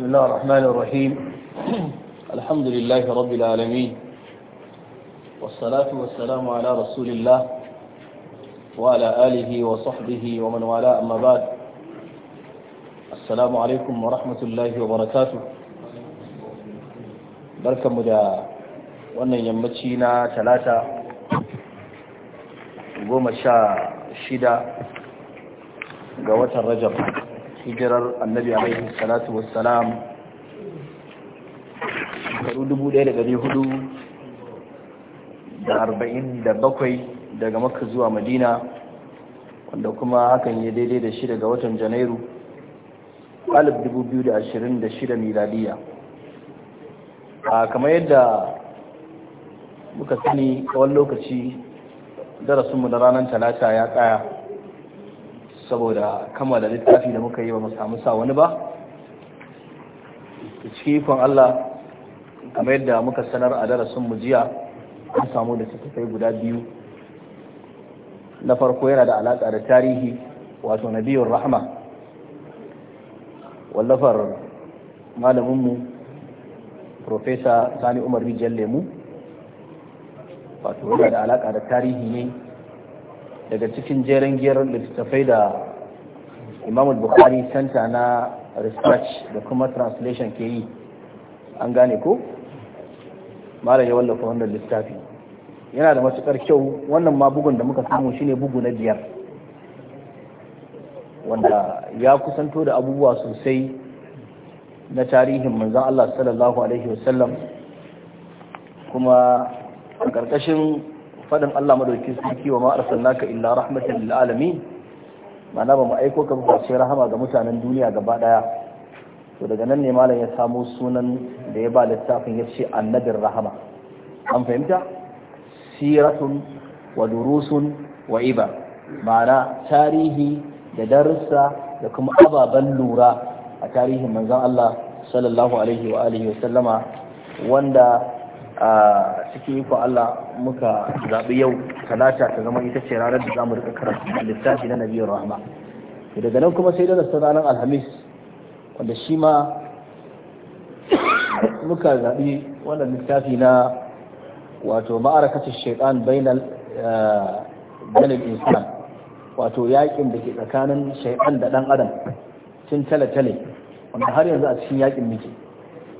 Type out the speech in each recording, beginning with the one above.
بسم الله الرحمن الرحيم الحمد لله رب العالمين والصلاة والسلام على رسول الله وعلى آله وصحبه ومن والاه أما بعد السلام عليكم ورحمة الله وبركاته بركة مدى wannan yammaci na talata goma sha shida ga watan rajab hijirar annabi alaihi salatu wassalam shekaru 1447 daga makka zuwa madina wanda kuma hakan ya daidai da shi daga watan janairu 2026 miladiya a kamar yadda muka sani tsawon lokaci darasinmu na ranar talata ya kaya saboda da littafi da muka yi ba mu samu sa wani ba cikin Allah kamar yadda muka sanar a darasin mu jiya an samu da kai guda biyu na farko yana da alaƙa da tarihi wato nabiyun rahma wallafar malaminmu profesa sani umar rijiyar lemu wato yana da alaƙa da tarihi ne daga cikin jeren giyar littattafai da imamul bukhari center na research da kuma translation ke yi an gane ko mara ya wallafa wannan littafi yana da matukar kyau wannan ma bugun da muka samu shine bugu na biyar wanda ya kusanto da abubuwa sosai na tarihin manzan Allah sallallahu alaihi wasallam kuma a ƙarƙashin fadin Allah madauki sarki wa ma arsalnaka illa rahmatan lil alamin ma'ana ba mu aiko ka ba sai rahama ga mutanen duniya gaba daya to daga nan ne malam ya samo sunan da ya ba littafin ya ce annabin rahama an fahimta siratun wa durusun wa iba ma'ana tarihi da darussa da kuma ababen lura a tarihin manzon Allah sallallahu alaihi wa alihi wa sallama wanda a cikin iko Allah muka zaɓi yau talata ta zama ita ce ranar da zamu rika karanta littafi na nabiyar rahma daga nan kuma sai da ranar alhamis wanda shi ma muka zaɓi wannan littafi na wato ma'arakacin shaitan bainal eh, bainal insan wato yakin da ke tsakanin shaitan da ɗan adam tun tale-tale wanda har yanzu a cikin yakin muke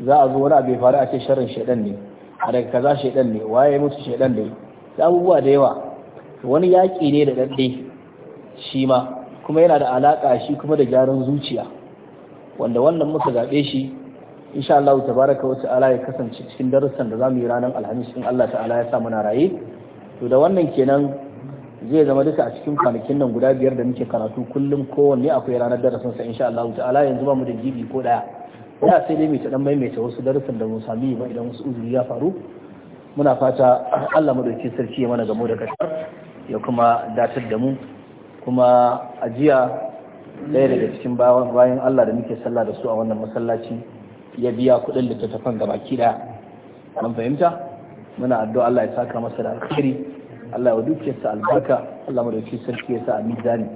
za a zo wani abu ya faru a ce sharrin shaitan ne A daga kaza shaidan ne waye mutu shaidan ne da abubuwa da yawa wani yaƙi ne da ɗanɗe shi ma kuma yana da alaƙa shi kuma da gyaran zuciya wanda wannan muka zaɓe shi insha Allah tabaraka wa ta'ala ya kasance cikin darussan da zamu yi ranar alhamis in Allah ta'ala ya sa muna raye to da wannan kenan zai zama duka a cikin kwanakin nan guda biyar da muke karatu kullum kowanne akwai ranar darasinsa, sa insha Allah ta'ala yanzu ba mu da gibi ko daya ya sai dai mai ta dan maimaita wasu darussan da mun sami ba idan wasu uzuri ya faru muna fata Allah madauki sarki ya mana gamo da kashar ya kuma datar da mu kuma ajiya ɗaya daga cikin bayan Allah da muke sallah da su a wannan masallaci ya biya kuɗin littattafan gaba baki ɗaya an fahimta muna addu'a Allah ya saka masa da alkhairi Allah ya sa albarka Allah madauki sarki ya sa a mizani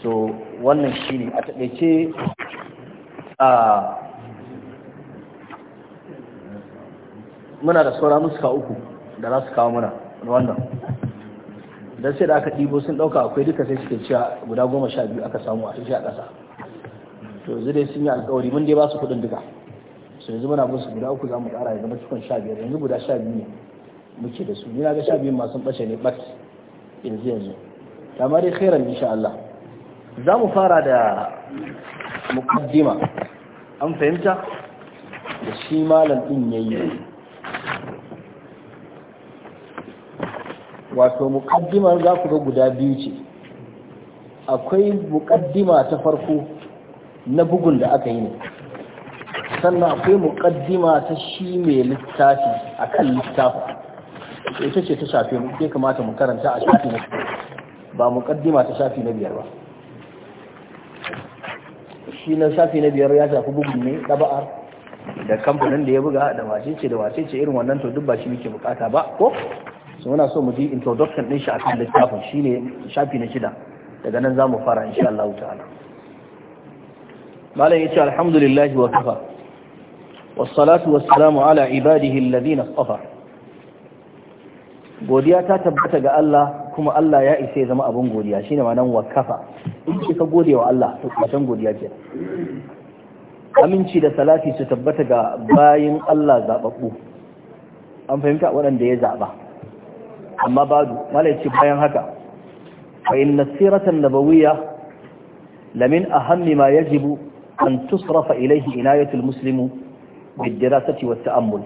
so wannan shine a taƙaice a muna da saura muska uku da za su kawo muna wannan don sai da aka ɗibo sun ɗauka akwai duka sai suke cewa guda goma sha biyu aka samu a shi a ƙasa to yanzu dai sun yi alkawari mun dai ba su kuɗin duka su yanzu muna musu guda uku za mu ƙara ya zama cikin sha biyar yanzu guda sha biyu ne muke da su ni na ga sha biyun masu ɓace ne ɓat yanzu yanzu amma dai khairan insha Allah za mu fara da muƙaddima an fahimta da shi malam ɗin ya yi wato muƙaddimar za ku ga guda biyu ce akwai muƙaddima ta farko na bugun da aka yi ne sannan akwai mukaddima ta shi mai littafi a kan littafi ita ce ta shafi ya kamata mu karanta a shafi na ba mukaddima ta shafi na biyar ba shi na shafi na biyar ya shafi bugun ne ɗaba'ar da kamfanin da ya buga da ce da ce irin wannan to duk ba shi muke bukata ba ko so muna so mu ji introduction din shi a kan littafin ne shafi na shida daga nan za mu fara insha Allah ta'ala malam yace alhamdulillah wa kafa wassalatu wassalamu ala ibadihi alladhina istafa godiya ta tabbata ga Allah kuma Allah ya isa ya zama abun godiya shine ma'anar wa kafa in ce ka gode wa Allah to kasan godiya ce aminci da salati su tabbata ga bayin Allah zababbu an fahimta waɗanda ya zaba amma badu malaici bayan haka fa inna siratan nabawiyya lamin ahammi ma yajibu an tusrafa ilayhi inayatul muslimu bidirasati wa ta'ammul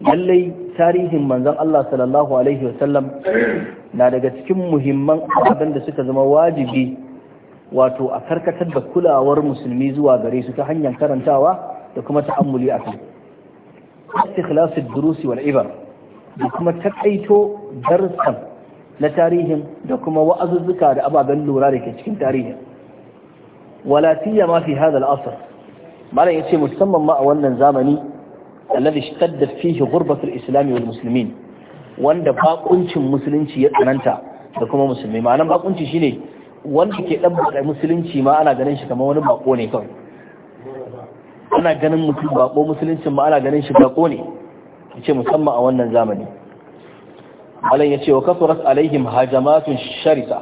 lallai tarihin manzon Allah sallallahu alaihi wasallam na daga cikin muhimman ababen da suka zama wajibi wato a karkatar da kulawar musulmi zuwa gare su ta hanyar karantawa da kuma ta'ammuli a kai istikhlasu durusi wal ibar da kuma takaito darussan na tarihin da kuma wa'azuzzuka da ababen lura da ke cikin tarihin wala ma fi hadha al Malam ya ce musamman ma a wannan zamani alladhi ishtaddat fihi ghurbatu al-islam wal muslimin wanda bakuncin musulunci ya tsananta da kuma musulmi ma'anan bakunci shine wanda ke dan musulunci ma ana ganin shi kamar wani bako ne kawai ana ganin mutum bako musulunci ma ana ganin shi bako ne yace musamman a wannan zamani ya ce wa kasurat alaihim hajamatun sharika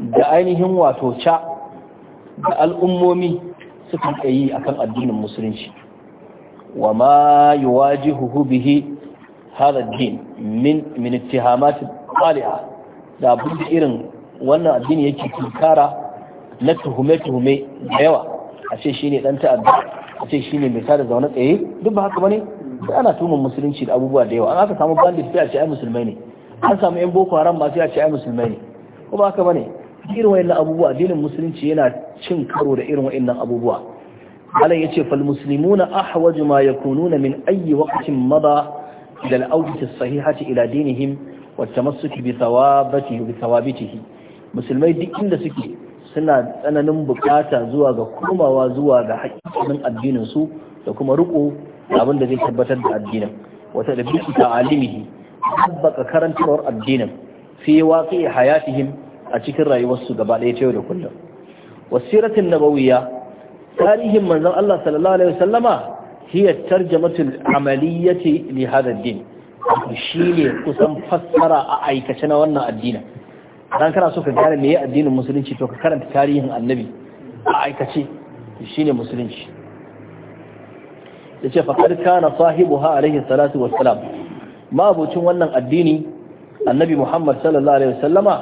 da ainihin wato ca da al'ummomi suka yi kan addinin musulunci wa ma yi bihi hadha ad-din min min ittihamat qali'a da irin wannan addini yake tunkara na tuhume-tuhume da yawa a ce shi ne ɗan ta'adda a ce shi ne mai sada zaune tsaye duk ba haka ba ne. sai ana tuman musulunci da abubuwa da yawa an aka samu bandit sai a ce ai musulmai ne an samu yan boko haram ba sai a ce ai musulmai ne ko ba haka bane irin wayannan abubuwa addinin musulunci yana cin karo da irin wayannan abubuwa Allah ya ce fal muslimuna ahwaju ma yakununa min ayyi waqtin mada ila al-awjati as-sahihati ila dinihim wa tamassuki bi thawabatihi bi thawabatihi musulmai duk inda suke suna tsananin bukata zuwa ga komawa zuwa ga haƙiƙanin addinin su da kuma riko abin da zai tabbatar da addinin wata da biki ta alimihi tabbaka karantarwar addinin fi waƙi hayatihim a cikin rayuwarsu gaba ɗaya ta yau da kullum wasiratin nabawiyya tarihin manzon Allah sallallahu alaihi wasallama hiya tarjamatul amaliyyati li hadha ad-din shine kusan fassara a aikace na wannan addinin dan kana so ka gane meye addinin musulunci to ka karanta tarihin annabi a aikace shine musulunci ya ce faƙar kana sahibu ha alaihi salatu salam. ma'abocin wannan addini annabi muhammad sallallahu alaihi wasallama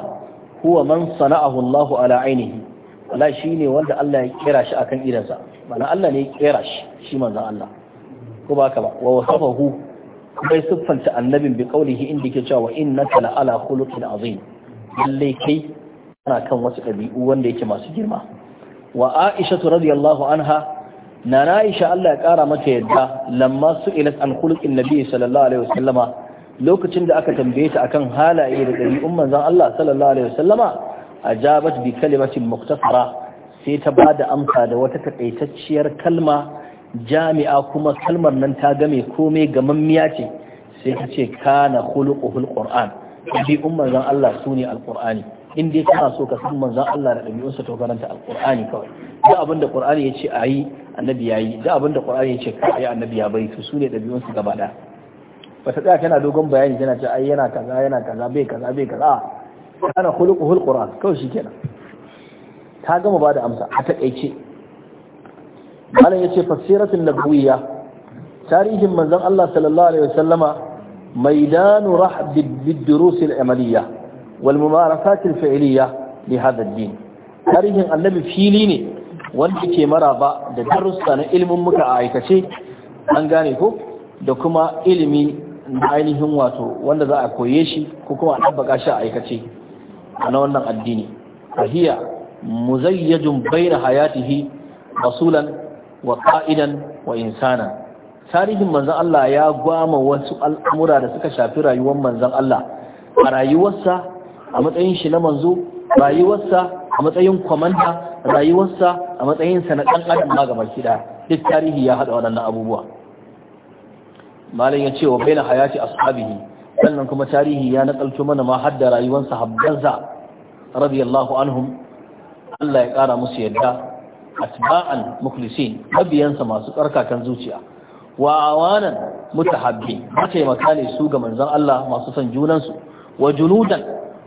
huwa man sana'ahu allahu ala ainihi wala shi ne wanda allah ya kera shi akan idansa mana allah ne ya kera shi shi manzan allah ko ba ka ba wa wasafahu bai siffanta annabin bi qaulihi inda ke cewa innaka la ala khuluqin azim lalle kai ana kan wasu ɗabi'u wanda yake masu girma wa aisha radiyallahu anha na na Aisha Allah ya kara mata yadda lamma su ilat an khuluqin nabi sallallahu alaihi wasallama lokacin da aka tambaye ta akan halaye da ɗabi'un zan Allah sallallahu alaihi wasallama ajabat bi kalimatin muktasara sai ta ba da amsa da wata takaitacciyar kalma jami'a kuma kalmar nan ta game komai gamammiya ce sai ta ce kana khuluquhul qur'an ɗabi'un zan Allah sune alqur'ani in dai kana so ka san manzon Allah da ɗabi'unsa to karanta alqur'ani kawai duk abin da qur'ani yace ayi annabi ya yi da abin da ƙwararren ce ka kai annabi ya bai su su ne ɗabi'unsu gaba ɗaya ba ta tsaya tana dogon bayani tana ce ai yana kaza yana kaza bai kaza bai kaza ana hulquhul qur'an kawai shikenan ta gama ba da amsa a takaice malam ya ce fasiratul nabawiyya tarihin manzon Allah sallallahu alaihi wasallama maidanu rahb bid-durus al-amaliyya wal mumarasat al-fi'liyya li tarihin annabi fili ne wanda ke maraba da darussa na ilimin muka a aikace an gane ko da kuma ilimi na ainihin wato wanda za a koye shi ko kuma a ɗabbaka shi a aikace a na wannan addini A fahiya muzayyajun da hayatihi basulan wa ka'idan wa insana tarihin manzan Allah ya gwama wasu al'amura da suka shafi rayuwar manzan Allah a rayuwarsa a matsayin shi na manzo rayuwarsa a matsayin kwamanda rayuwarsa a matsayinsa na ɗan adam ma gaba kida duk tarihi ya haɗa waɗannan abubuwa malam ya ce wa baina hayati ashabihi sannan kuma tarihi ya nakalto mana ma hadda rayuwar sahabbansa radiyallahu anhum Allah ya ƙara musu yadda atba'an mukhlisin mabiyansa masu tsarkakan zuciya wa awanan mutahabbi mataimaka ne su ga manzon Allah masu son junansu wa junudan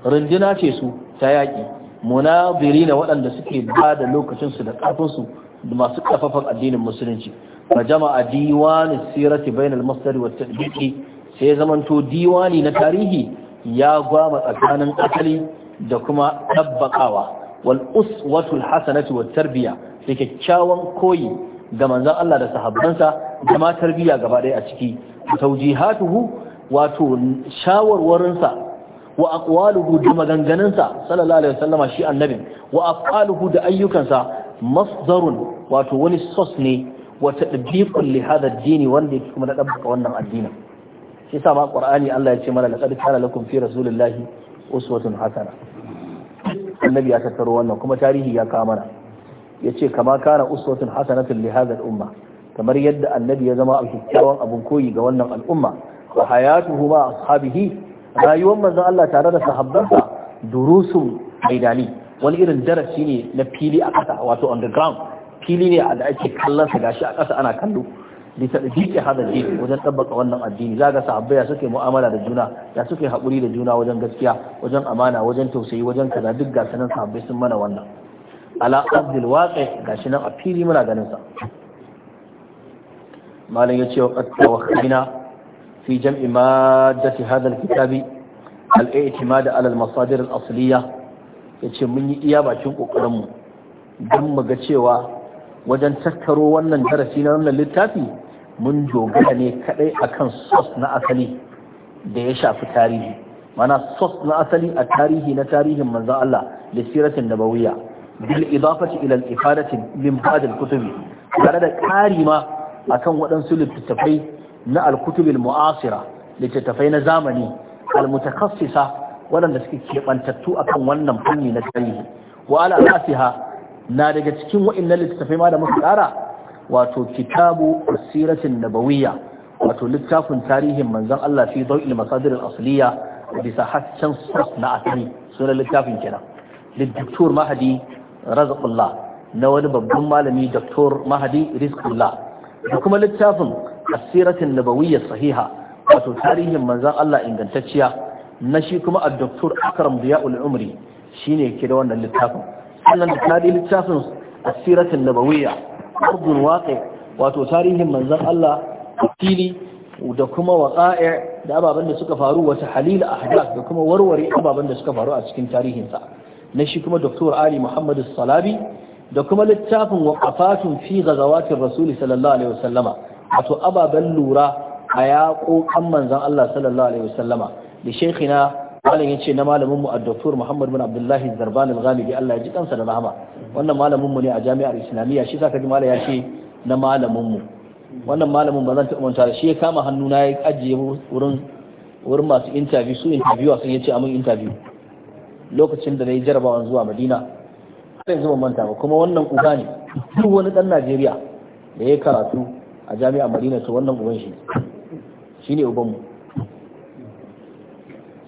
runduna ce su ta yaƙi munaziri na waɗanda suke ba da lokacinsu da ƙarfinsu da masu ƙafafan addinin musulunci fa jama'a diwani sirati bainal masdari wa tadbiqi sai zamanto diwani na tarihi ya gwama tsakanin asali da kuma tabbakawa wal uswatul hasanati wa tarbiya da kyakkyawan koyi ga manzon Allah da sahabbansa da ma tarbiya gaba ɗaya a ciki tawjihatuhu wato shawarwarinsa wa aqwaluhu da maganganunsa sallallahu alaihi wasallama shi annabi, wa af'aluhu da ayyukansa masdarun wato wani source ne wa tadbiqun li dini ad-din wanda yake kuma da dabbaka wannan addinin shi yasa ma qur'ani Allah ya ce mana laqad kana lakum fi rasulillahi uswatun hasana annabi ya tattaro wannan kuma tarihi ya kawo mana yace kama kana uswatun hasanatun li hada al-umma kamar yadda annabi ya zama a kyakkyawan abun koyi ga wannan al'umma wa hayatuhu ma ashabihi rayuwar manzon Allah tare da sahabbansa durusun maidani wani irin darasi ne na fili a ƙasa wato on fili ne da ake kallon sa gashi a ƙasa ana kallo bi ta dike hada ji wajen tabbaka wannan addini zaga sahabbai suke mu'amala da juna ya suke haƙuri da juna wajen gaskiya wajen amana wajen tausayi wajen kaza duk ga sanan sahabbai sun mana wannan ala abdul waqi gashi nan a fili muna ganin sa malam yace wa qad tawakhina في جمع مادة هذا الكتاب الاعتماد على المصادر الأصلية yace mun yi iya bakin kokarinmu don mu ga cewa wajen tattaro wannan darasi na wannan littafi mun dogara ne kadai akan sos na asali da ya shafi tarihi mana sos na asali a tarihi na tarihin manzon Allah lissiratin nabawiyya bil idafati ila al ifadati min ba'd al kutubi tare da kari ma akan waɗansu littattafai na alkutubin mu'asira littattafai na zamani almutakassisa waɗanda suke keɓantattu akan wannan fanni na tarihi wa ala na daga cikin waɗannan littattafai ma da muka ƙara wato kitabu siratin nabawiyya wato littafin tarihin manzon Allah fi dawil masadir al-asliya bisa haccen sos na asali sunan littafin kenan littattafur mahadi razaqullah na wani babban malami Dr. Mahadi Rizqullah da kuma littafin asiratin nabawiyya sahiha wato tarihin manzan Allah ingantacciya na shi kuma a doktor akram biya'ul umri shine ke da wannan littafin sannan da tarihi littafin asiratin nabawiyya ardun waqi wato tarihin manzan Allah fili da kuma waqa'i da ababen da suka faru wasu halil ahdath da kuma warware ababen da suka faru a cikin tarihinsa na shi kuma doktor Ali Muhammadu Salabi da kuma littafin waqafatun fi ghazawatir rasul sallallahu alaihi wasallama wato ababen lura a yaƙoƙan manzan Allah sallallahu alaihi wasallama da shekina malam ce na malamin mu Dr. Muhammad bin Abdullahi Zarban al-Ghalibi Allah ya ji kansa da rahama wannan malamin mu ne a Jami'ar Islamiyya shi saka ji malam ya ce na malamin mu wannan malamin ba zan taɓa manta da shi ya kama hannuna na ya ajiye wurin wurin masu interview su interview sun yace a mun interview lokacin da na yi jarabawan zuwa Madina har yanzu ban manta ba kuma wannan uba ne duk wani dan Najeriya da ya karatu a jami'ar madina to wannan uban shi shi ne ubanmu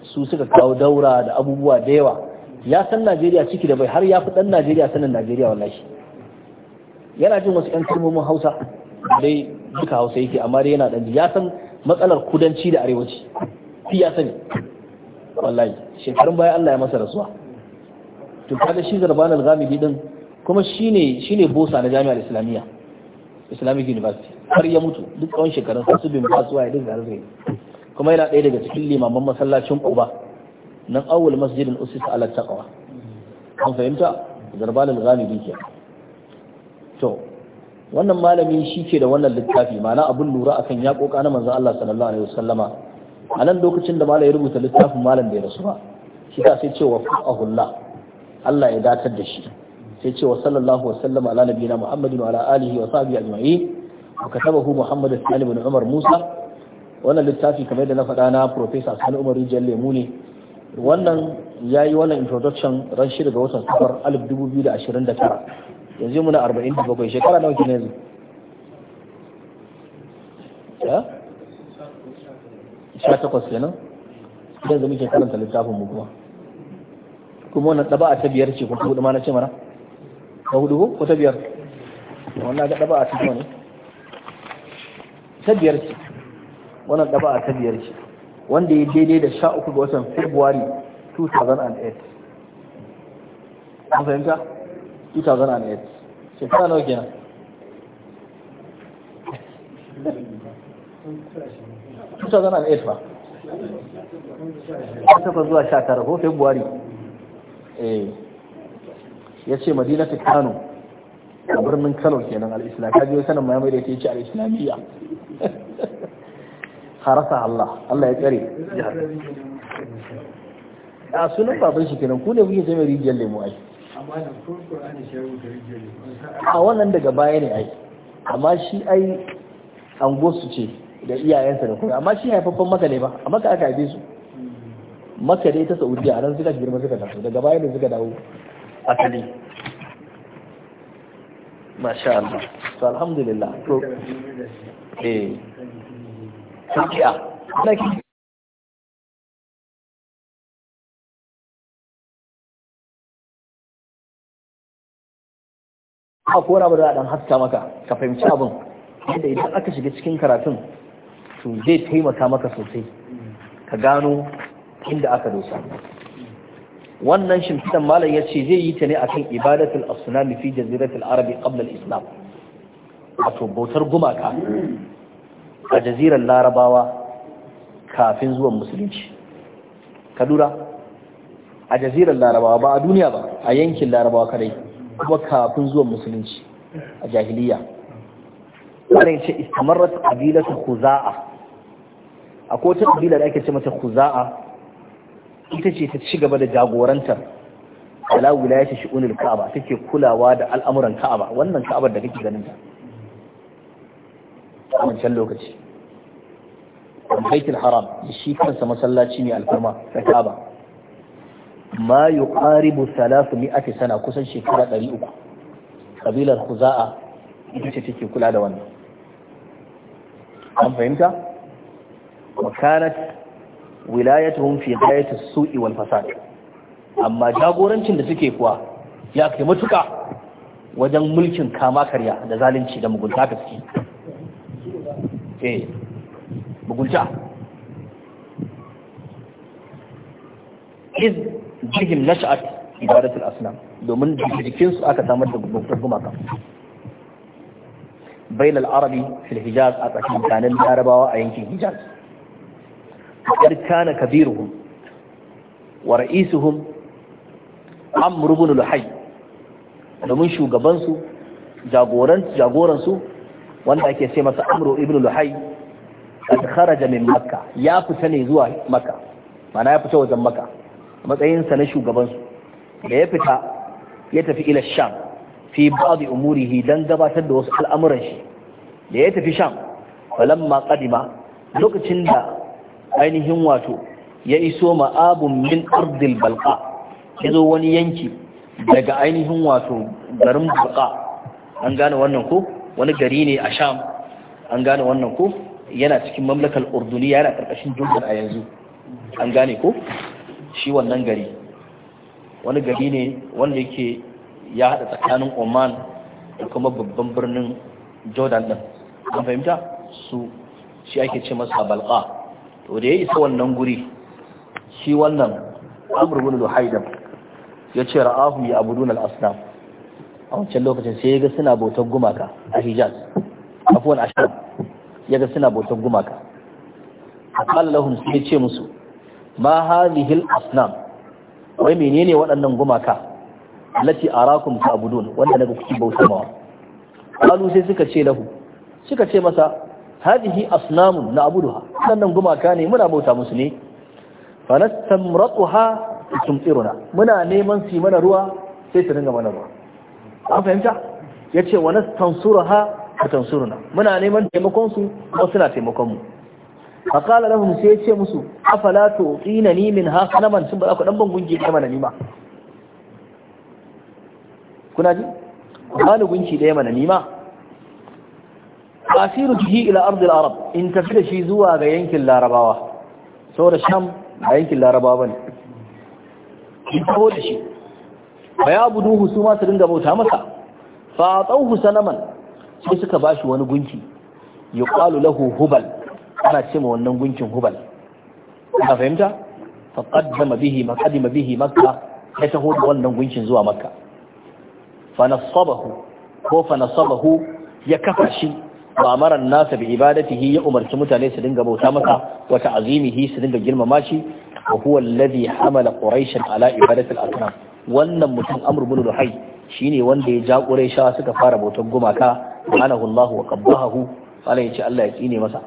su suka kawo daura da abubuwa da yawa ya san najeriya ciki da bai har ya fi dan najeriya sanin najeriya wallahi yana jin wasu 'yan kalmomin hausa dai duka hausa yake amma dai yana dan ya san matsalar kudanci da arewaci shi ya sani wallahi shekarun baya Allah ya masa rasuwa to kaga shi zarbanul ghamidi din kuma shine shine bosa na jami'ar islamiyya islamic university har ya mutu duk tsawon shekarun sa su bin fasuwa ya dinga arzai kuma yana ɗaya daga cikin limaman masallacin uba nan awul masjidin usis ala taqwa an fahimta zarbal al-ghamidi ke to wannan malami shi ke da wannan littafi ma'ana abun lura akan ya koka na manzon Allah sallallahu alaihi wasallama a nan lokacin da malam ya rubuta littafin malam bai rasu ba shi ta sai cewa fa'ahullah Allah ya datar da shi sai cewa sallallahu alaihi wasallama ala nabiyina muhammadin wa ala alihi wa sahbihi ajma'in wa katabahu Muhammad Salim bin Umar Musa wannan littafi kamar yadda na faɗa na Professor Sani Umar Rijal Lemu ne wannan ya yi wannan introduction ran shida ga watan safar 2029 yanzu muna 47 shekara nawa kenan yanzu ya 18 kenan yanzu muke karanta littafin mu kuma kuma wannan ɗaba'a ta biyar ce ko hudu ma na ce mana ta hudu ko ta biyar wannan ga ɗaba'a ta ne tabiyarci wannan ɗaba'a ta biyar ce wanda ya daidai da sha uku ga watan february 2008 an fahimta 2008 shekara nawa kenan tuta zana da ta zuwa sha tara ko eh ya ce madinatu kano a birnin kano kenan al-islam kaji sanin mai da ke ci al'islamiyya harasa Allah Allah ya tsare a sunan baban shi kenan ku ne kuke zama rijiyar lemu ai a wannan daga baya ne ai amma shi ai su ce da iyayensa da kuma amma shi haifaffen maka ne ba a maka aka haife su maka dai ta saudiya a nan suka girma suka taso daga baya ne suka dawo asali masha Allah to alhamdulillah to eh a kora za a ɗan haska maka ka fahimci abin yadda idan aka shiga cikin karatun to zai taimaka maka sosai ka gano inda aka dosa wannan shimfidan malam ya ce zai yi ta ne a kan ibadatul asnami fi jaziratul arabi qabla islam wato bautar gumaka a jazirar larabawa kafin zuwan musulunci ka dura a jazirar larabawa ba a duniya ba a yankin larabawa kadai kuma kafin zuwan musulunci a jahiliya wannan ce istamarrat qabilatu khuza'a akwai wata qabila da ake ce mata khuza'a ita ce ta ci gaba da jagorantar ala wilayati shi'unil ka'aba take kulawa da al'amuran ka'aba wannan ka'abar da kake ganin ta a wancan lokaci baitul haram shi kansa masallaci ne alfarma ta ka'aba ma yuqaribu 300 sana kusan shekara 300 kabilar khuza'a ita ce take kula da wannan an fahimta wa kanat wilayatuhum fi ghayati su'i wal fasad amma jagorancin da suke kuwa ya kai matuka wajen mulkin kama karya da zalunci da mugunta ka suke eh mugunta iz jihim nash'at ibadatul asnam domin jikinsu aka samar da gumaka bainal arabi fil hijaz a tsakanin larabawa a yankin hijaz فقد كان كبيرهم ورئيسهم عمرو بن لحي domin shugabansu jagoransu wanda ake ce masa amro ibn luhai kad kharaja min makka ya fita ne zuwa makka ya fita wajen makka matsayinsa na shugabansu da ya fita ya tafi ila sham fi ba'd umurihi dan gabatar da wasu al'amuran shi da ya tafi sham falamma qadima lokacin da ainihin wato ya iso ma'abun min ardil balqa ya zo wani yanki daga ainihin wato garin balqa an gane wannan ko wani gari ne a sham an gane wannan ko yana cikin mamlakar urduni yana karkashin jordan a yanzu an gane ko shi wannan gari wani gari ne wanda yake ya haɗa tsakanin oman da kuma babban birnin jordan ɗin an fahimta su shi ake ce masa balqa to da ya isa wannan guri shi wannan amr ibn luhaidam ya ce ra'ahu ya abu dunar asnam a wancan lokacin sai ya ga suna bautar gumaka a hijaz afwan ashirin ya ga suna bautar gumaka qala lahum sai ya ce musu ma hadhihi al wai menene waɗannan gumaka lati rakun ta abudun wanda ga kuke bautar mawa qalu sai suka ce lahu suka ce masa hadihi asnamun na abuduha sannan gumaka ne muna bauta musu ne fanastamratuha tumtiruna muna neman su mana ruwa sai su dinga mana ruwa an fahimta yace wa nastansuraha tansuruna muna neman taimakon su ko suna taimakon mu faqala lahum sai yace musu afala tuqinani min ha kanaman sun ba ku dan ban gungi kai mana ni ba kuna ji ku bani gunki ɗaya mana ni asiru bihi ila ardil arab in tafi da shi zuwa ga yankin larabawa da sham a yankin larabawa bane in taho da shi fa ya buduhu su ma su dinga bauta masa fa tsauhu sanaman sai suka bashi wani gunki Ya yuqalu lahu hubal ana ce ma wannan gunkin hubal ka fahimta fa qaddama bihi maqadima bihi makka ya taho da wannan gunkin zuwa makka fa nasabahu ko fa nasabahu ya kafa shi wa amara nasa bi ibadatihi ya umarci mutane su dinga bauta masa wa ta'zimihi su dinga girmama shi wa huwa alladhi hamala quraishan ala ibadati al-asnam wannan mutum amr ibn luhay shine wanda ya ja quraisha suka fara bautar gumaka subhanahu Allah wa qabbahu Allah ya Allah ya tsine masa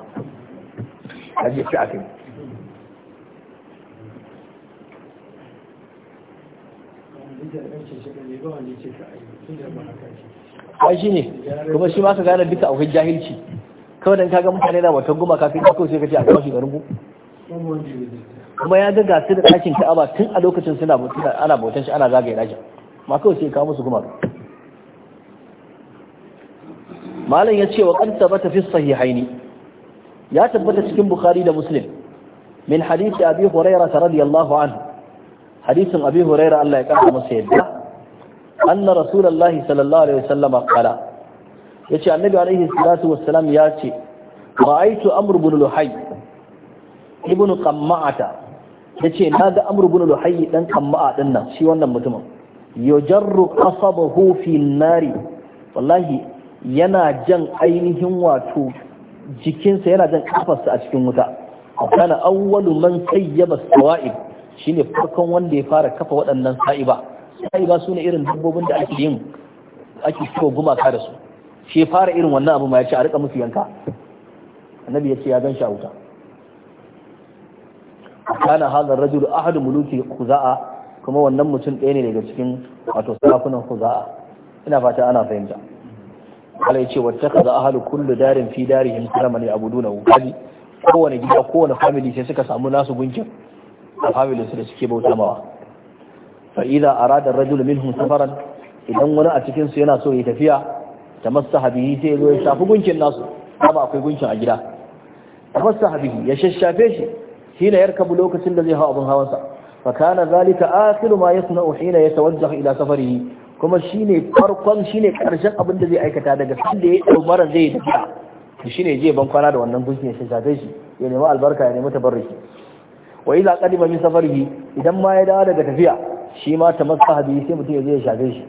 haji fi akai Thank you. ai shi ne kuma shi ma ka gane duka a wajen jahilci kawai dan kaga mutane na wata goma kafin ka kawai sai ka ce a kawo shi garin kuma ya ga gasu da ɗakin ka'aba tun a lokacin suna ana bautan shi ana zagaye ɗakin ma kawai sai kawo musu gumaka malam ya ce wa qad tabbata fi sahihaini ya tabbata cikin bukhari da muslim min hadisi abi hurairah radiyallahu anhu hadisin abi hurairah Allah ya karba masa yadda anna rasulullahi sallallahu alaihi wasallam qala yace annabi alaihi salatu wassalam ya ce ra'aitu amr ibn luhay ibn qamma'ata yace naga amr ibn luhay dan qamma'a din nan shi wannan mutumin yujarru qasabahu fi nari wallahi yana jan ainihin wato jikinsa yana jan kafarsa a cikin wuta kana awwalu man shine farkon wanda ya fara kafa waɗannan sa'iba ba su ne irin dabbobin da ake yin ake kiwo gumaka da su shi fara irin wannan abu ma ya ce a rika musu yanka annabi ya ce ya gan shawuta wuta kana hadar rajul ahad muluki khuza'a kuma wannan mutum ɗaya ne daga cikin wato sarakunan khuza'a ina fata ana fahimta Allah ya ce wattakaza ahlu kullu darin fi darihim abu duna wukali kowane gida kowane family sai suka samu nasu gunkin a family su da suke bauta mawa fa idza arada ar-rajulu minhum safaran idan wani a cikin su yana so ya tafiya tamassaha bihi sai zo ya shafi gunkin nasu ba akwai gunkin a gida tamassaha bihi ya shashafe shi hina yarkabu lokacin da zai hau abun hawansa fa kana zalika akhiru ma yasna'u hina yatawajjahu ila safarihi kuma shine farkon ne karshen abin da zai aikata daga sanda ya umara zai tafiya shine je ban kwana da wannan gunkin ya shashafe shi ya nemi albarka ya nemi tabarruki wa idza qadima min safarihi idan ma ya dawo daga tafiya shi ma ta masa hadisi sai mutum ya zai shafe shi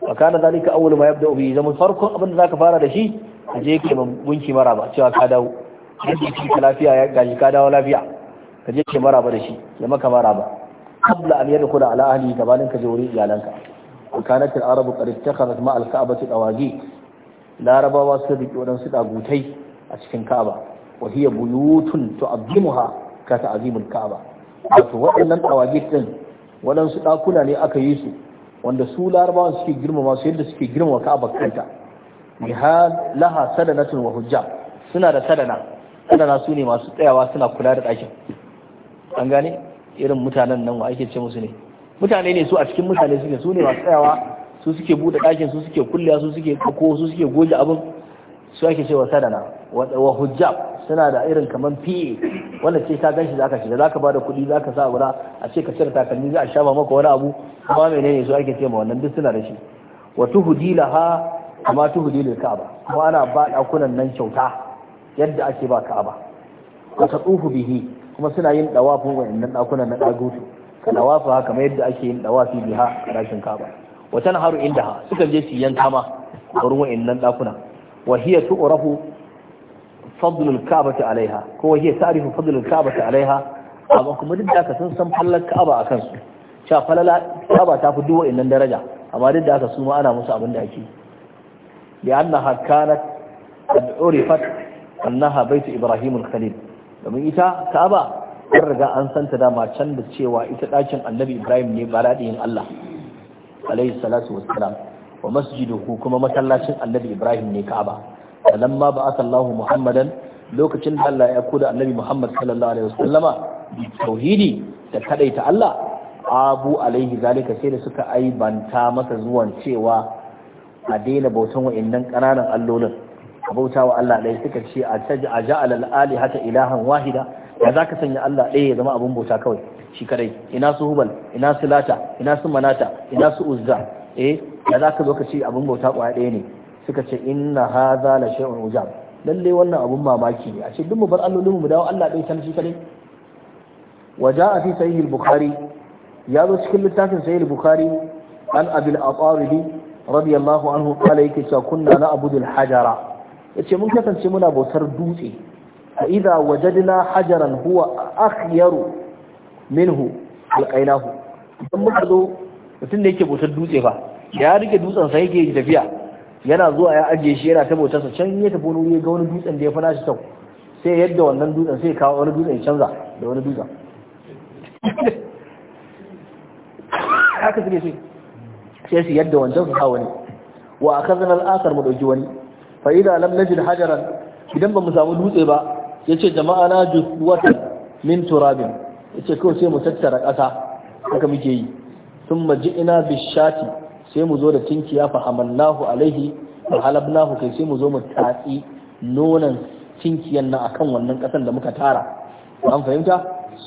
wa kana zalika awwal ma yabda bi zaman farkon abin da zaka fara da shi ka je ke gunki mara ba cewa ka dawo yadda yake ka lafiya ya gaji ka dawo lafiya ka je ke mara ba da shi ya maka mara ba qabla an kula ala ahli gabanin ka je wurin iyalanka wa kanat al arabu qad ittakhadhat ma al ka'bati dawagi larabawa sun su da dagutai a cikin ka'aba wa hiya buyutun tu'azzimuha ka ta'zimul ka'aba wato waɗannan dawagi din waɗansu ɗakuna ne aka yi su wanda su larabawan suke girmama su yadda suke girmama ka'abar kanta laha sadanatun wa hujja suna da sadana sadana su ne masu tsayawa suna kula da ɗakin an gane irin mutanen nan wa ake ce musu ne mutane ne su a cikin mutane suke su ne masu tsayawa su suke buɗe ɗakin su suke kulle su suke kako su suke goge abin su ake cewa sadana wa hujjab suna da irin kamar P.A wanda ce ka ganshi zaka shiga zaka bada kuɗi zaka sa gura a ce ka cire takalmi za a shafa maka wani abu amma menene su ake cewa wannan duk suna da shi wa ha kama tuhdilil ka'aba kuma ana ba dakunan nan kyauta yadda ake ba ka'aba wa tatufu bihi kuma suna yin wa innan dakunan na dagutu ka dawafa ha kamar yadda ake yin dawafi biha a rashin ka'aba wa tanharu indaha suka je su yanka ma wurin wayannan dakunan wa hiya tu'rafu fadl al-ka'bati alaiha ko hiya ta'rifu fadl al-ka'bati alaiha amma kuma duk da ka san san fallar ka'aba akan su cewa falala ka'aba ta fi duwa innan daraja amma duk da aka su ma ana musu abin da ake li annaha kanat qad urifat annaha baitu ibrahim al-khalil domin ita ka'aba an riga an ta dama can da cewa ita dakin annabi ibrahim ne ba Allah salatu wa masjiduhu kuma masallacin annabi ibrahim ne ka'aba ba ba'atha Allahu muhammadan lokacin da Allah ya kuda annabi muhammad sallallahu alaihi wasallama tauhidi da kadaita Allah abu alaihi zalika sai da suka aibanta masa zuwan cewa a daina bautan wa'annan kananan allolin a bauta wa Allah ɗaya suka ce a ja'ala al-alihata ilahan wahida ya zaka sanya Allah ɗaya ya zama abin bauta kawai shi kadai ina su hubal ina su lata ina su manata ina su uzza eh da za ka zo ka ce abin bauta kwaya ɗaya ne suka ce inna hadha la shay'un ujab lalle wannan abun mamaki ne a ce duk mu bar allolin mu dawo Allah ɗaya san shi kadai wa ja'a fi sahih al-bukhari ya zo cikin littafin sahih al-bukhari an abil aqarib radiyallahu anhu qala yake cewa kunna na abudul hajara yace mun kasance muna bautar dutse fa idza wajadna hajaran huwa akhyaru minhu alqainahu idan muka zo mutum da yake bautar dutse fa ya rike dutsen sa yake tafiya yana zuwa ya ajiye shi yana tabo sa can ya tafi wani ga wani dutsen da ya fara shi sau sai yadda wannan dutsen sai kawo wani dutsen ya canza da wani dutsen haka suke sai sai su yadda wancan su hawa ne wa a kazan al'asar mu dauki wani fa ina lam najid hajaran idan ba mu samu dutse ba Ya ce jama'a na juwatan min turabin Ya ce kawai sai mu tattara ƙasa haka muke yi maji ina bishati sai mu zo da ya fa hamallahu alaihi wa halabnahu kai sai mu zo mu tatsi nonan tinkiyan nan akan wannan kasan da muka tara an fahimta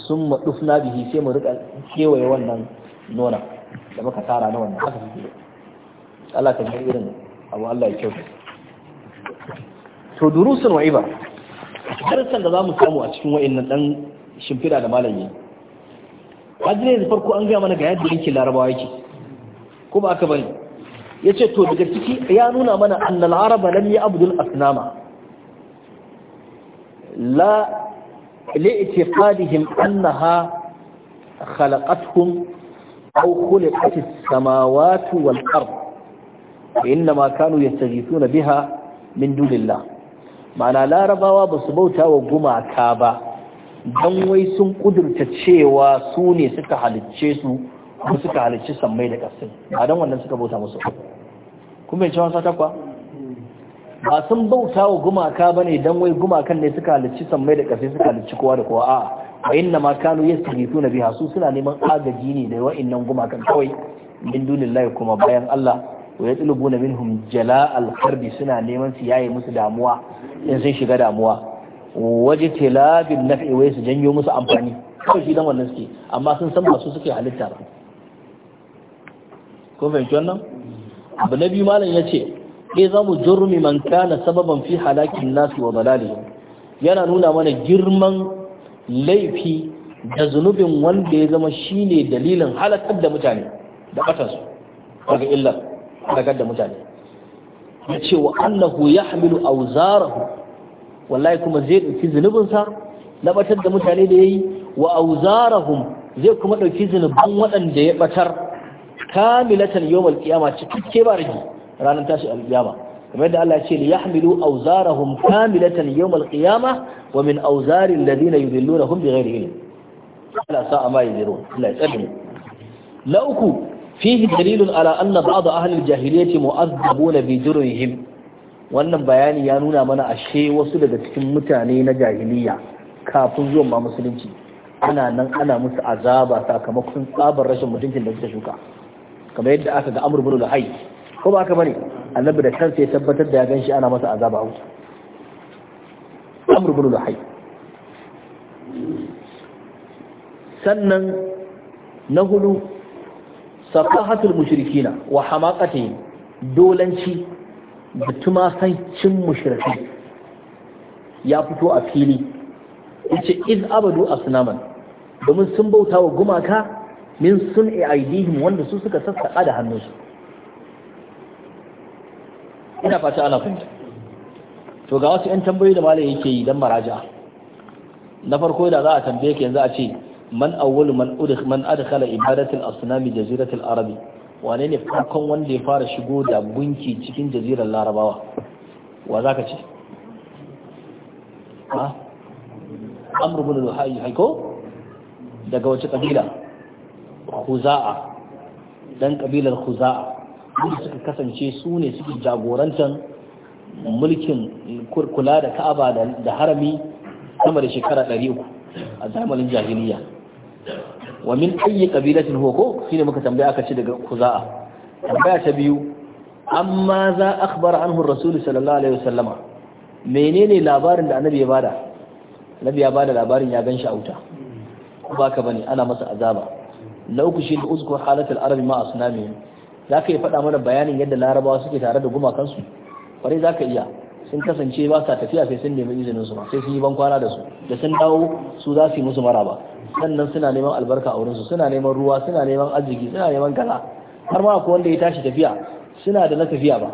sun ma dufna bihi sai mu rika kewaye wannan nona da muka tara na wannan haka suke Allah ta ji irin abu Allah ya kyauta to durusun wa ibar darasan da za mu samu a cikin wa'annan dan shimfida da malami hajjire da farko an gaya mana ga yadda yake larabawa yake kuma aka bari ya ce to daga ciki ya nuna mana annal araba lam yi abdul asnama la le ce fadihim annaha khalaqatkum aw khuliqat as-samawati wal ard inma kanu yastajithuna biha min dunillah ma'ana larabawa ba su bauta wa gumaka ba Dan wai sun kudurta cewa su ne suka halicce su ko suka halicci sammai da ƙasai ba don wannan suka bauta musu kuma ya wasa takwa ba sun bauta wa gumaka ba ne don wai gumakan ne suka halicci sammai da ƙasai suka halicci kowa da kowa a'a na inna ma kanu yastaghithuna biha su suna neman agaji ne da wa'annan gumakan kawai min dunillahi kuma bayan Allah wa yatlubuna minhum jala al suna neman su yaye musu damuwa in sun shiga damuwa waje tela bin naf'i wai su janyo musu amfani kawai shi dan wannan suke amma sun san ba su suke halitta ba ko fahimci wannan abu na biyu malam ya ce ɗaya eh, za mu jurmi man kana sababan fi halakin nasu wa balali yana nuna mana girman laifi da zunubin wanda ya zama shine dalilin halakar da mutane da batansu daga illar halakar da mutane ya ce wa annahu ya hamilu auzarahu wallahi kuma zai ɗauki zunubinsa na batar da mutane da ya yi wa auzarahum zai kuma ɗauki zunuban waɗanda ya ɓatar? kamilatan yawmal kiyama cikakke ba rage ranar tashi alkiyama kamar yadda Allah ya ce liyahmilu awzarahum kamilatan yawmal kiyama, wa min awzari alladhina yudillunahum bighairi ilm ala sa'a ma yadirun Allah ya tsare la uku fihi dalilun ala anna ba'd ahli al-jahiliyyati bi jurihim wannan bayani ya nuna mana ashe wasu daga cikin mutane na jahiliya kafin zuwan ma musulunci ana nan ana musu azaba sakamakon tsabar rashin mutuncin da suka shuka kamar yadda aka ga amur bin luhai ko ba haka bane annabi da kansa ya tabbatar da ya ganshi ana masa azaba a wuta amur bin sannan na hudu safahatul mushrikina wa hamaqati dolanci da cin mushrikai ya fito a fili yace iz abadu asnaman domin sun bauta wa gumaka min sul'i aidihim wanda su suka sassaƙa da hannunsu ina fata ana fahimta to ga wasu 'yan tambayoyi da malam yake yi don maraja na farko da za a tambaye ka yanzu a ce man awwalu man udkh man adkhala ibadatul asnami jaziratul arabi wane ne farkon wanda ya fara shigo da gunki cikin jazirar larabawa wa zaka ce ha amr ibn al-hayy haiko daga wace kabila khuza'a dan kabilar khuza'a wanda suka kasance su ne suke jagorantar mulkin kula da ka'aba da harami sama da shekara 300 a zamanin jahiliya wa min ayyi qabilatin huwa ko shine muka tambaya aka ce daga khuza'a tambaya ta biyu amma za akhbara anhu rasul sallallahu alaihi wasallama menene labarin da annabi ya bada annabi ya bada labarin ya ganshi a wuta ba ka bane ana masa azaba laukushi da uzkur halatul arabi ma asnami zaka yi faɗa mana bayanin yadda larabawa suke tare da gumakan su kwarai zaka iya sun kasance ba sa tafiya sai sun nemi izinin su ma sai sun yi ban kwana da su da sun dawo su za su yi musu maraba sannan suna neman albarka a wurin su suna neman ruwa suna neman arziki suna neman kaza har ma akwai wanda ya tashi tafiya suna da na tafiya ba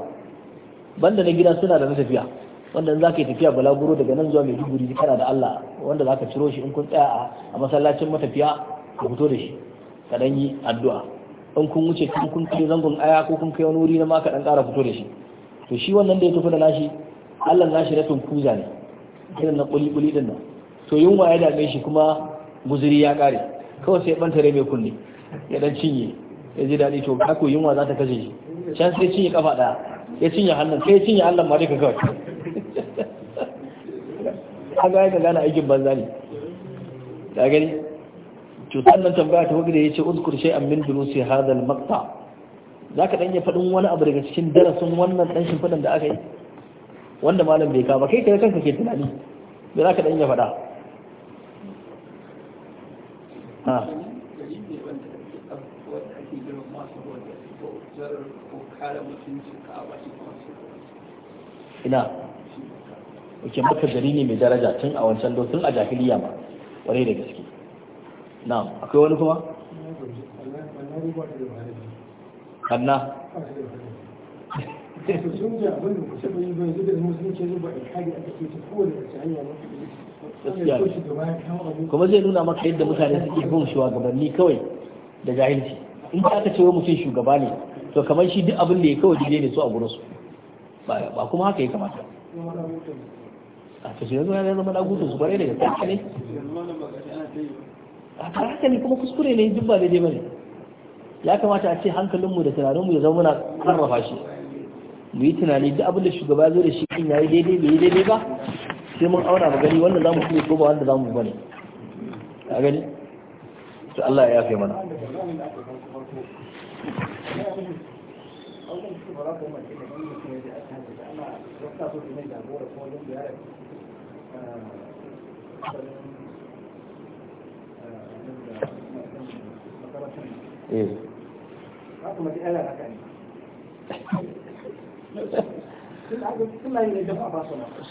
banda na gida suna da na tafiya wanda in zaka yi tafiya balaguro daga nan zuwa Maiduguri kana da Allah wanda zaka ciro shi in kun tsaya a masallacin matafiya ku fito da shi ka dan yi addu'a in kun wuce kun kun kai zangon aya ko kun kai wani wuri na ma ka dan ƙara fito da shi to shi wannan da ya tafi da nashi Allah nashi na kuza ne irin na kuli kuli din nan to yunwa ya dame shi kuma guzuri ya kare kawai sai banta rai mai kunne ya dan cinye ya ji daɗi to ka ko yunwa za ta kashe shi can sai cinye kafa ɗaya ya cinye hannun sai ya cinye Allah ma dai ka kawai kaga ga ka gane aikin banza ne ka gani cutar nan tambaya ta hudu da yace uzkur an min durusi hadha al Za ka dan ya faɗin wani abu daga cikin darasin wannan ɗan shimfidan da aka yi wanda malam bai kama kai kai kanka ke tunani me za ka ɗanya faɗa ina ake maka jari ne mai daraja tun a wancan tun a jahiliya ma ƙwarai da gaske Na akwai wani kuma Hanna? kuma zai nuna maka yadda mutane suke bin shugabanni kawai da jahilci in ba aka cewa mutum shugaba ne to kamar shi duk abin da ya kawai daidai ne su a gurinsu ba kuma haka ya kamata a to sai yanzu ya zama na gudun su kwarai da gaske ne a haka ne kuma kuskure ne duk ba daidai bane ya kamata a ce hankalinmu da tunaninmu ya zama muna karrafa shi mu yi tunani duk abin da shugaba zo da shi ya yi daidai bai yi daidai ba sai mun auna mu gani wanda zamu kuma ko ba wanda zamu bane a gani to Allah ya yafe mana Thank you. Eh.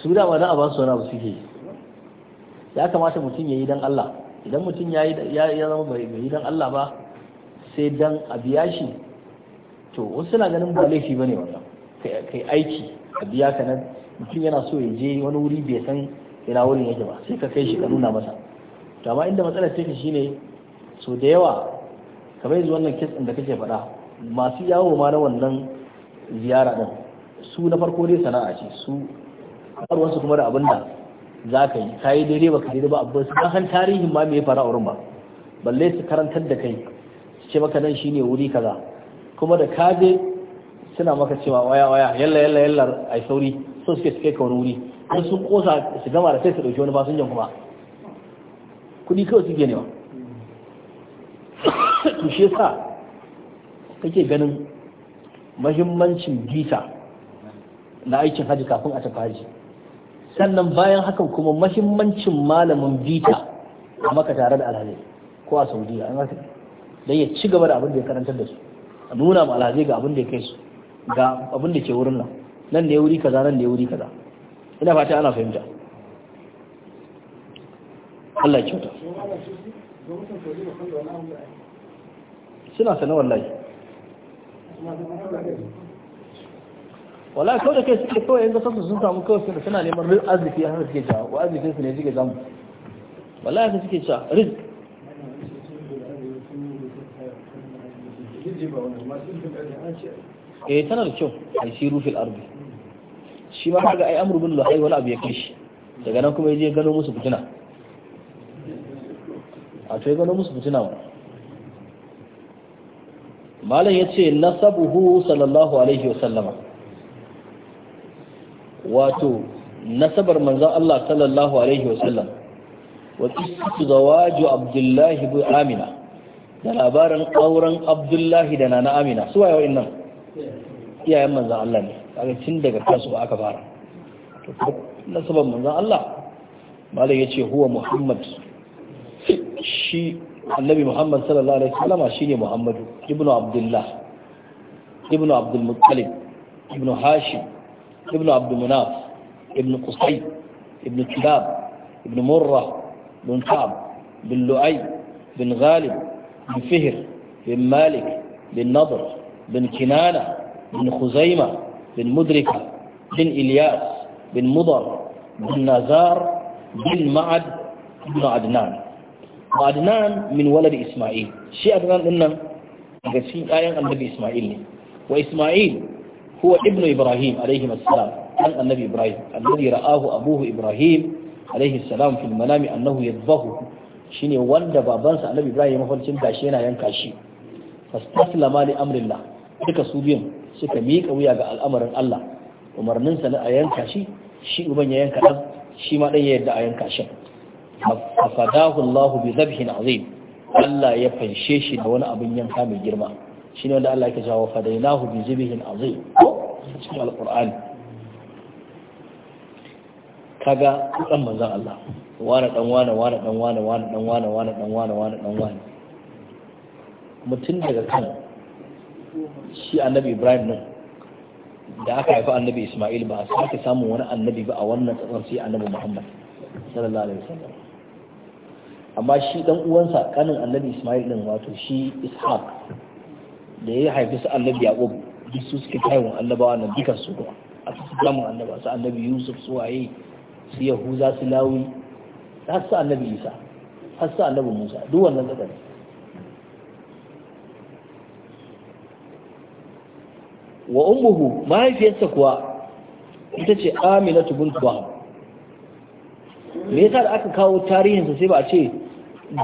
su da ba da a ba su wani suke ya kamata mutum ya yi don Allah idan mutum ya zama bai yi don Allah ba sai don a biya shi to wasu suna ganin ba laifi ba ne wannan kai aiki a biya ka nan mutum yana so ya je wani wuri bai san yana wurin yake ba sai ka kai shi ka nuna masa to amma inda matsalar shi ne so da yawa kamar yanzu wannan kes da kake faɗa masu yawo ma na wannan ziyara din su na farko dai sana'a ce su karuwansu kuma da abin da za ka yi ka yi daidai ba ka daidai ba abin su kan tarihin ma mai fara a wurin ba balle su karantar da kai su ce maka nan shine wuri kaza kuma da ka je suna maka cewa waya waya yalla yalla yalla ai sauri so suke suke ka wani wuri sun kosa su gama da sai su dauki wani fasinjan kuma kuɗi kawai suke nema to shi sa kake ganin mahimmancin bisa na aikin haji kafin a tafi haji sannan bayan hakan kuma mahimmancin malamin bita a maka tare da alhazai ko a saudiya an haka don ya ci gaba da abin da ya karantar da su a nuna ma alhazai ga abin da ya kai su ga abin da ke wurin nan nan ne wuri kaza nan ne wuri kaza ina fata ana fahimta Allah ya kyauta suna sana wallahi wallahi kawai da kai suke kawai yanzu kasu sun samu kawai suna suna neman rin arziki har suke cewa wa arzikin su ne suke zamu wallahi su suke cewa rin eh tana da kyau a shi rufin arzi shi ma kaga ai amurbin lahai wani abu ya kai shi daga nan kuma ya je gano musu fitina a ya gano musu fitina wa malam ya ce nasabuhu sallallahu alaihi wasallama wato nasabar manzan Allah sallallahu alaihi wasallam wa kisu zawaju abdullahi bin amina da labarin auren abdullahi da nana amina su waye nan? iyayen manzan Allah ne kaga tun daga kansu ba aka fara nasabar manzan Allah malam ya ce huwa muhammad shi annabi muhammad sallallahu alaihi wasallam shine muhammadu ibnu abdullah ibnu abdul muttalib ibnu hashim ibnu abdul munaf ibnu qusay ibnu kilab ibnu murra ibnu ka'b bin lu'ay bin ghalib bin fihr bin malik bin nadr bin kinana bin khuzaima bin mudrika bin ilyas bin mudar bin nazar bin ma'ad ibnu adnan wa adnan min waladi isma'il shi adnan din nan daga cikin ƴaƴan annabi isma'il ne wa isma'il huwa ibnu ibrahim alaihi assalam annabi ibrahim alladhi ra'ahu abuhu ibrahim alaihi fil annahu yadhbahu shine wanda babansa annabi ibrahim mafarkin gashi yana yanka shi fastaslama li amrillah duka su biyun suka miƙa wuya ga al'amarin Allah umarninsa na a yanka shi shi uban ya yanka ɗan shi ma ɗan ya yarda a yanka shi afadahu Allah bi zabhin azim Allah ya fanshe shi da wani abin yanka mai girma shine wanda Allah yake cewa fadainahu bi zabhin azim ko cikin alqur'ani kaga dan manzon Allah wani dan wani wani dan wani wani dan wani wani dan wani wani dan wani mutum daga kan shi annabi Ibrahim nan da aka haifa annabi Ismail ba a sake samun wani annabi ba a wannan tsatsar sai annabi Muhammad sallallahu alaihi wasallam amma shi dan uwansa kanin annabi ismail din wato shi ishaq da ya haifi su annabi yaqub duk su suke kaiwon annabawa nan dukan su kuma a cikin zamun annaba su annabi yusuf su waye su yahuza su lawi har su annabi isa har su annabi musa duk wannan tsakani wa ummuhu mahaifiyarsa kuwa ita ce aminatu bint wahab me yasa da aka kawo tarihinsa sai ba a ce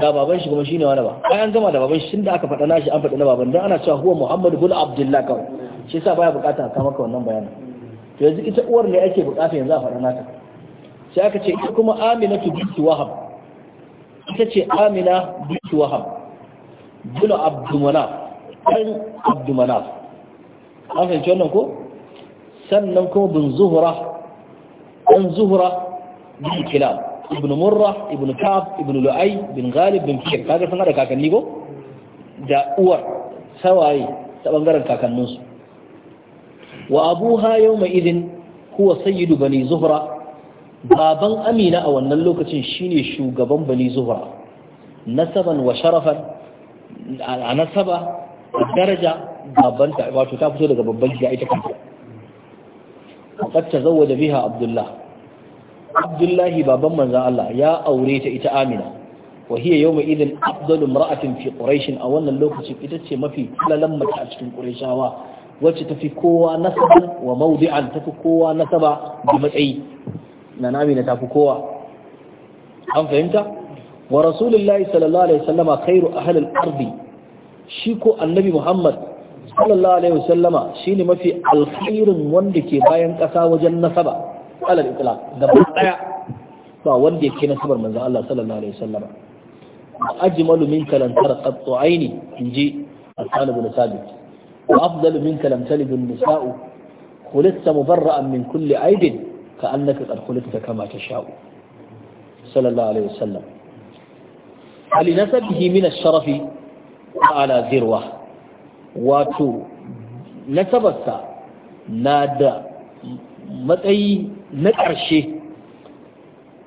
da baban shi kuma shine wani ba ai an gama da baban shi tunda aka faɗa nashi an faɗa na baban dan ana cewa huwa Muhammadu bin Abdullah kawai shi yasa baya bukata ka maka wannan bayanin to yanzu ita uwar ne ake bukata yanzu a faɗa nata sai aka ce ita kuma Aminatu bint Wahab ita ce Amina bint Wahab bin Abdulmanaf ɗan Abdulmanaf an fahimci wannan ko sannan kuma bin Zuhra ɗan Zuhra bin Kilab ibn murra ibn kaf ibn lu'ay bin ghalib bin fihr kaga sun hada kakanni ko da uwar sawaye ta bangaren kakanninsu wa abuha yawma idin huwa sayyidu bani zuhra baban amina a wannan lokacin shine shugaban bani zuhra nasaban wa sharafan a nasaba daraja babanta wato ta fito daga babban gida ita kanta وقد تزوج بها عبد abdullahi baban manzan Allah ya aure ta ita amina wa hiya yawma idin afdalu imra'atin fi quraish a wannan lokacin ita ce mafi lalan mace a cikin qurayshawa wacce tafi kowa nasaba wa mawdi'an tafi kowa nasaba bi matsayi na amina tafi kowa an fahimta wa rasulullahi sallallahu alaihi wasallama khairu ahli al-ardi shi ko annabi muhammad sallallahu alaihi wasallama shine mafi alkhairin wanda ke bayan kasa wajen nasaba alal itlaq gaba daya ba wanda yake nasabar manzo Allah sallallahu alaihi wasallam ajmalu minka lan tara qattu aini inji al-talib ibn sabit wa afdalu minka lam talid an-nisa'u khulitta mubarra'an min kulli aibin ka annaka qad khulitta kama tasha'u sallallahu alaihi wasallam ولنسبه من الشرف على ذروة واتو نسبت نادى matsayi na ƙarshe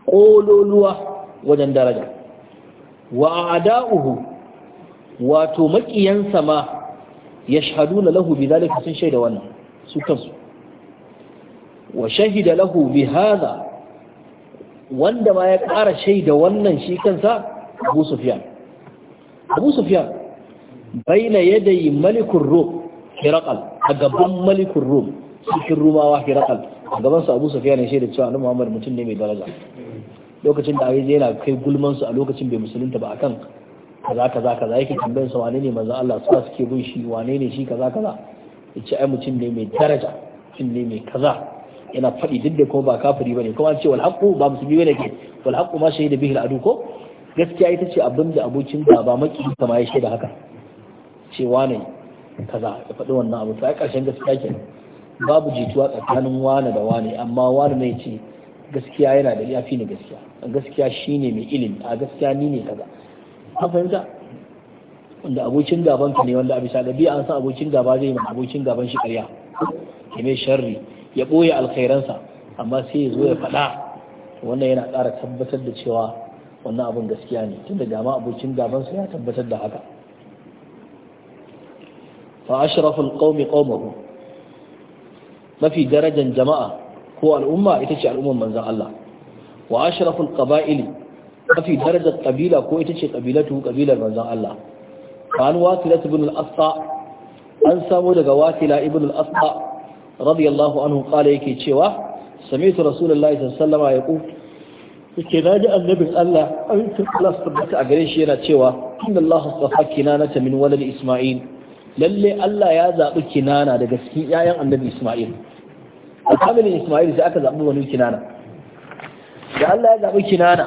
ƙololuwa wajen daraja wa ada'uhu wato maƙiyansa ma ya shahadu na lahu bi zalika sun shaida wannan su kansu wa shahida lahu bi haza wanda ma ya ƙara shaida wannan shi kansa abu sufiyan abu sufiyan baina yadayi malikun rom hirakal a gaban malikun rom cikin rumawa hirakal a gaban su Abu Safiya ne shi da cewa Annabi Muhammad mutum ne mai daraja lokacin da zai yana kai gulman su a lokacin bai musulunta ba akan kaza kaza kaza yake tambayar sa wane ne manzo Allah su suke bin shi wane ne shi kaza kaza yace ai mutum ne mai daraja mutum ne mai kaza yana faɗi duk da kuma ba kafiri bane kuma an ce wal haqu ba musulmi bane ke wal haqu ma shahida bihi al adu ko gaskiya ita ce abin da abokin ba maki kama ya shaida haka cewa ne kaza ya faɗi wannan abu sai ƙarshen gaskiya kenan babu jituwa tsakanin wane da wane amma wane mai ce gaskiya yana da yafi ne gaskiya a gaskiya shine mai ilim, a gaskiya ni ne kaza an fahimta wanda abokin gaban ka ne wanda a bisa gabi an san abokin gaba zai ma abokin gaban shi ƙarya ya mai sharri ya ɓoye alkhairansa amma sai ya zo ya faɗa wannan yana ƙara tabbatar da cewa wannan abin gaskiya ne tun da gama abokin gabansa ya tabbatar da haka fa ashrafu alqawmi qaumahu mafi darajan jama'a ko al'umma ita ce al'umman manzan Allah wa ashraful qaba'ili mafi darajar kabila ko ita ce kabilatu kabilar manzan Allah kan wasila ibn al-asqa an samu daga wasila ibn al-asqa radiyallahu anhu qala yake cewa sami'tu rasulullahi sallallahu alaihi wasallam yake naji annabin Allah an tabbata a gare shi yana cewa inna Allah astafa ta min walad Isma'il lalle Allah ya zaɓi kinana daga cikin ƴaƴan annabi Isma'il a familin Isma'il sai aka zaɓi wani kinana da Allah ya zaɓi kinana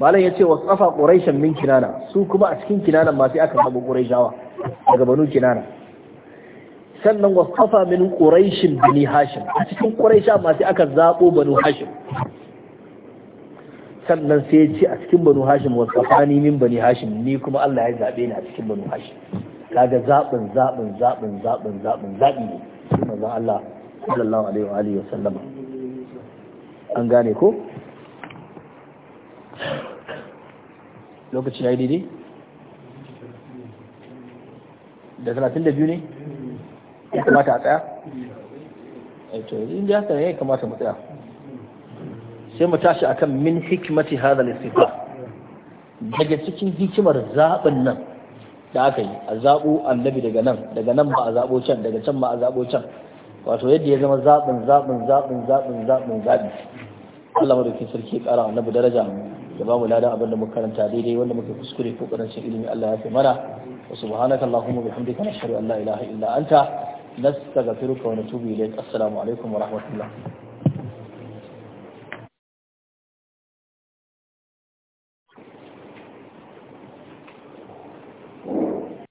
malam ya ce wasu ƙafa ƙuraishan min kinana su kuma a cikin kinana ma sai aka zaɓi ƙuraishawa daga banu kinana sannan wasu ƙafa min ƙuraishin bani hashim a cikin ƙuraisha ma sai aka zaɓo banu hashim sannan sai ya ce a cikin banu hashim wa tsafani min bani hashim ni kuma Allah ya zaɓe ni a cikin banu hashim kaga zaɓin zaɓin zaɓin zaɓin zaɓin zaɓi ne shi manzon Allah sallallahu alaihi wa alihi wa sallama an gane ko lokaci ya yi daidai da talatin da biyu ne ya kamata a tsaya eh to in ji haka ya kamata mu tsaya sai mu tashi akan min hikmati hadha al daga cikin hikimar zaɓin nan da aka yi a zaɓo annabi daga nan daga nan ma a zaɓo can daga can ma a zaɓo can wato yadda ya zama zaɓin zaɓin zaɓin zaɓin zaɓin zaɓi Allah madaukin sarki ƙara ƙara annabi daraja da ba mu ladan abin da muka karanta daidai wanda muke kuskure ko karancin ilimi Allah ya fi mana wa subhanaka allahumma bihamdika nashhadu an la ilaha illa anta nastaghfiruka wa natubu ilayk assalamu alaikum wa rahmatullah